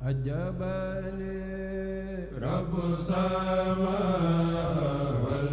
ajabali rabbu sama wal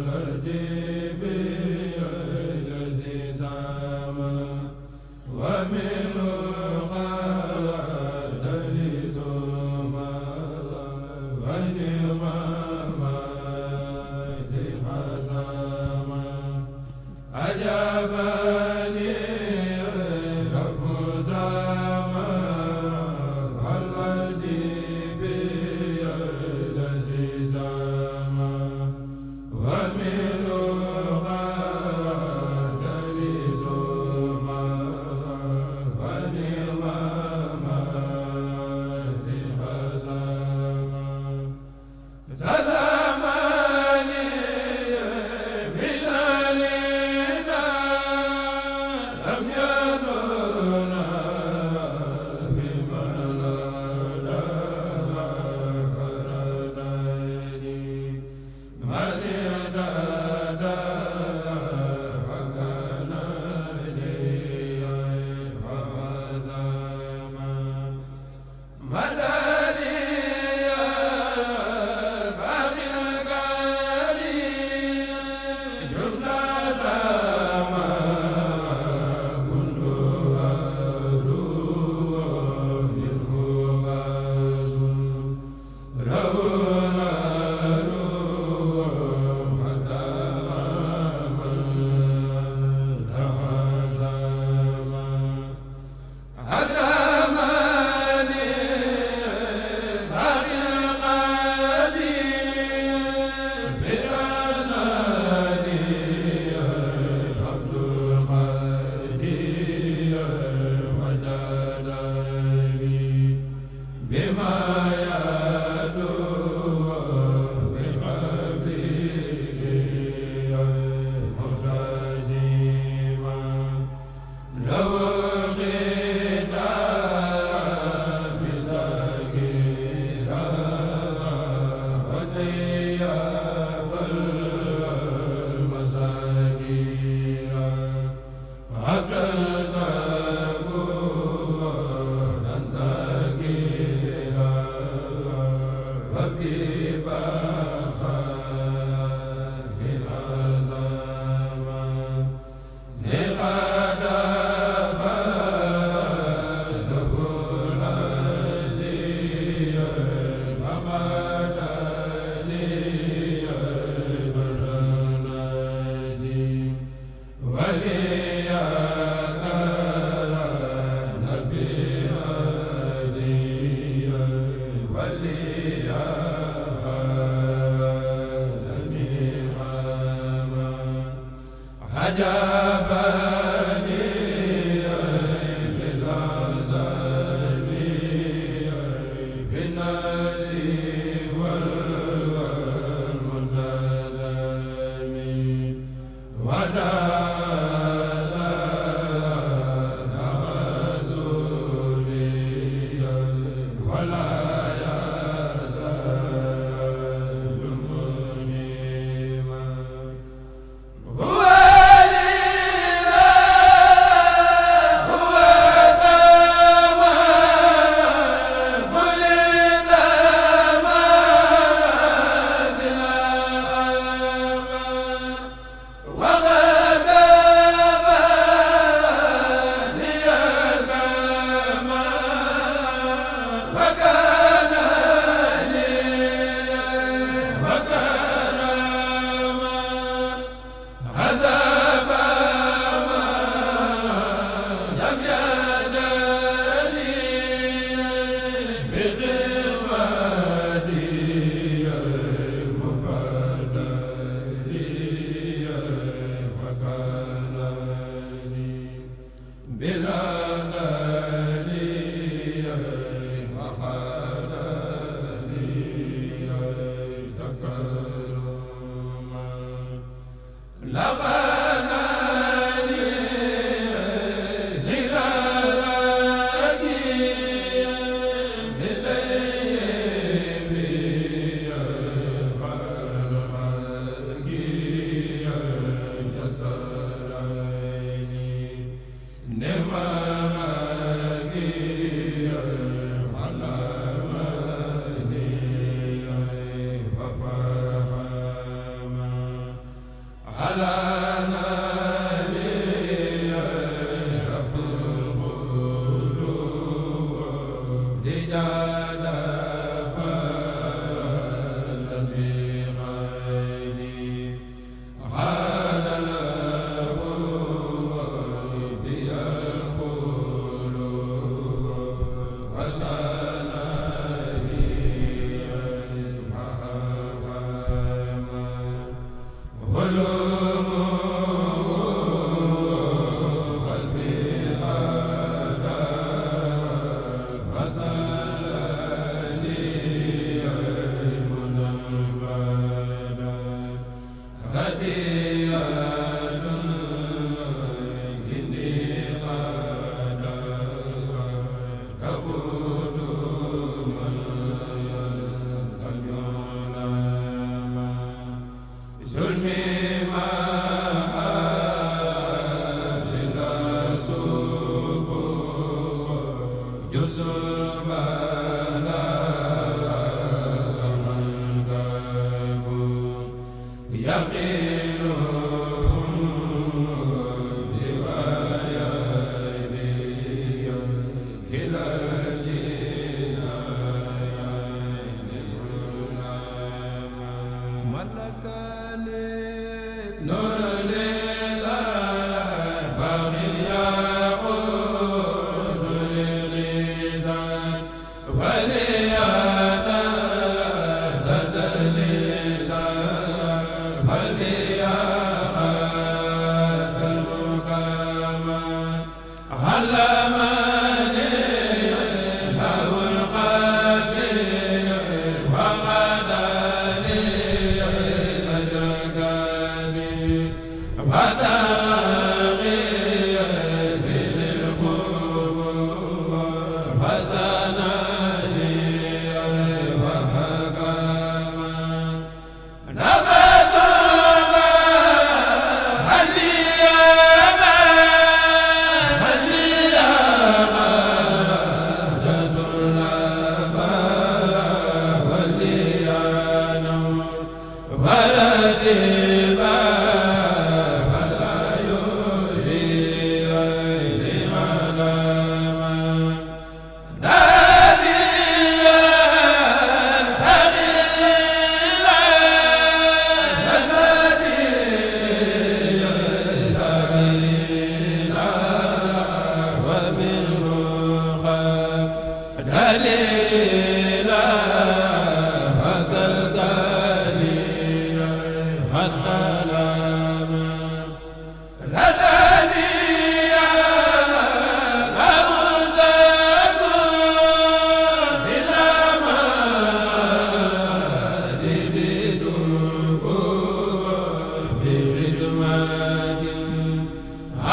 a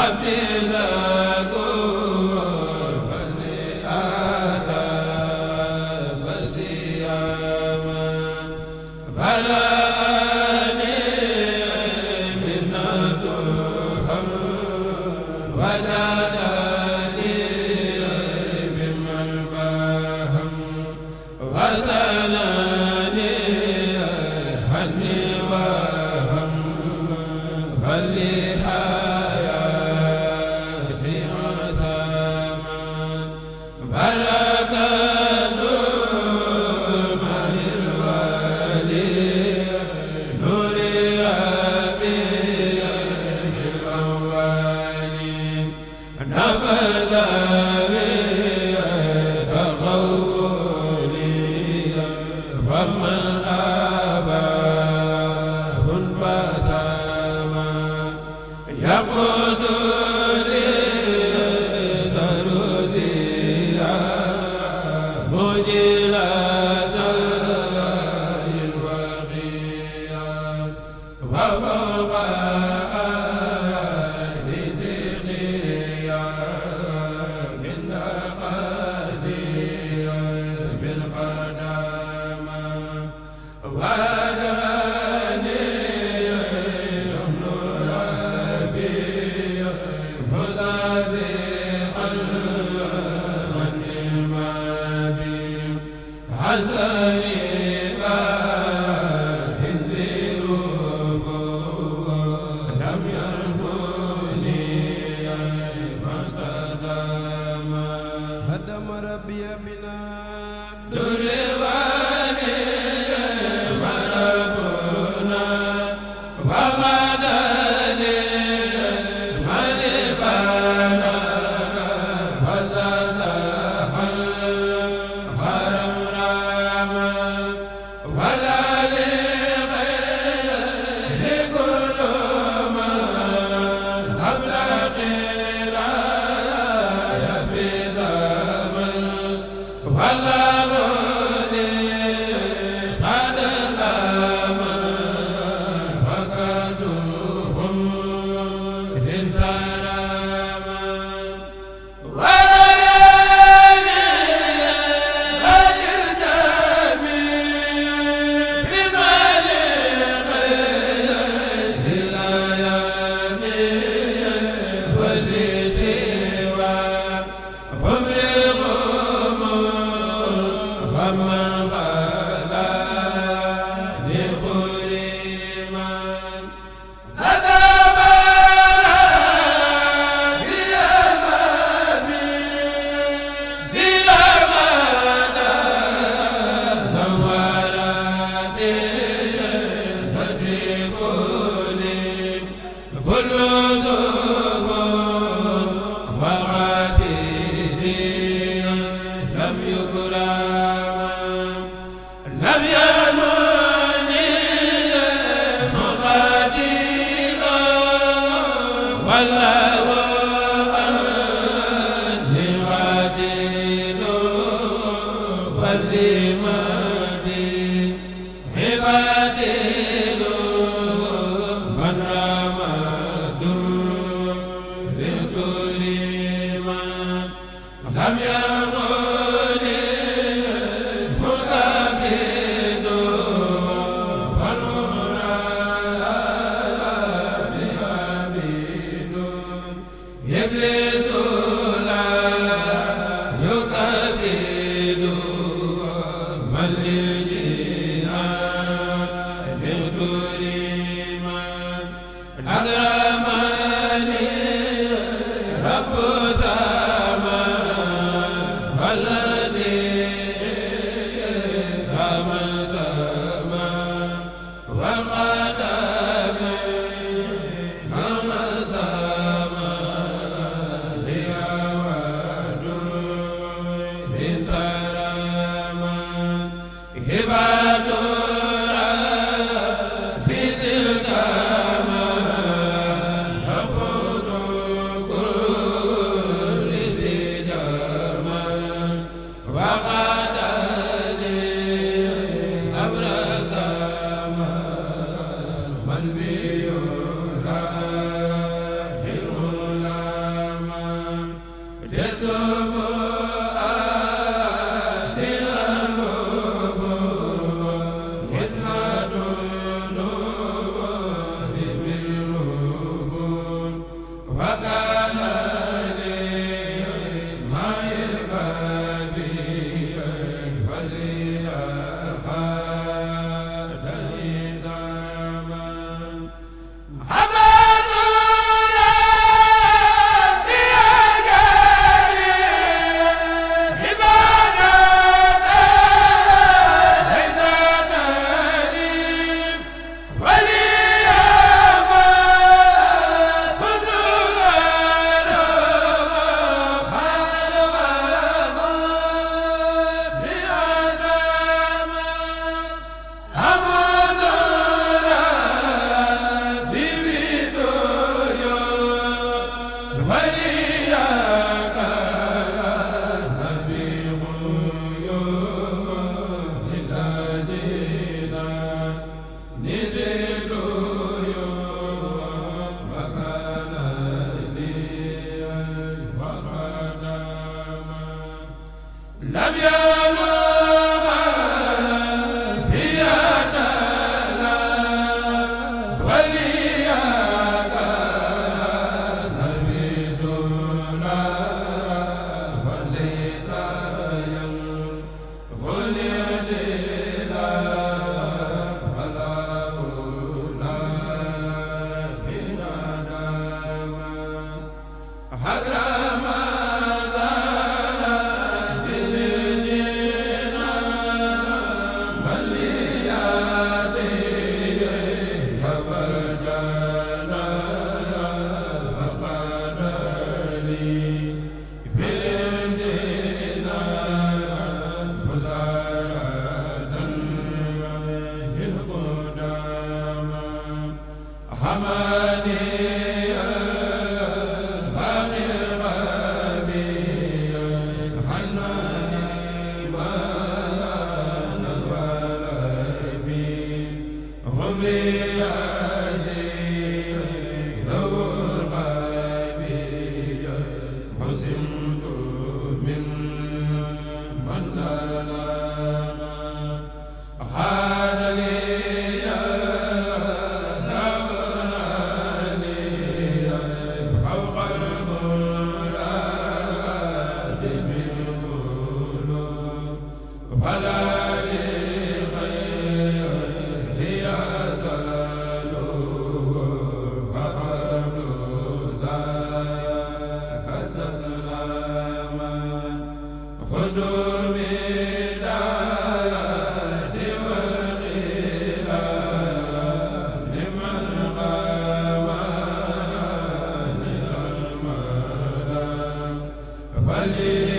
amiin azza wa bi la amani wali